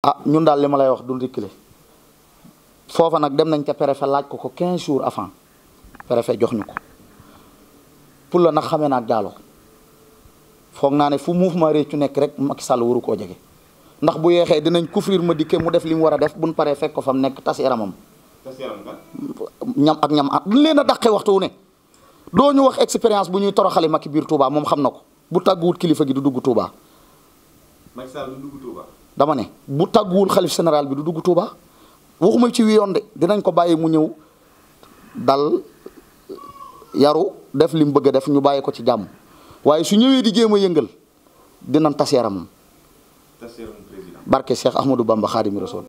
a ah, ñun daal li ma lay wax du reculer foofa nag dem nañ ca préfet laaj ko ko 15 jours avant préfet jox ñu ko pour la nag xamee naag jaaloo foog naa ne fu mouvement Réccu nekk rek Macky Sall waru koo jege ndax bu yeexee dinañ couvrir ma dikke mu def li mu war a def buñ paree fekk ko fa mu nekk tas yaramam. tas ñam ak ñam ah leen a dàqee waxtu wu ne doo ñu wax expérience bu ñuy toroxale Macky biir Touba moom xam na ko bu tàgg tàgguwut kilifa gi du dugg Touba. dama ne bu tàgguwul xalif sénéral bi du dugg Touba waxuma ci wi yoon de dinañ ko bàyyi mu ñëw dal yaru def li mu bëgg a def ñu bàyyi ko ci jàmm waaye su ñëwee di jéem a yëngal dinañ tas yaramam. tas yaram président. barke Cheikh Ahmadou Bamba Xaadimu Rasuul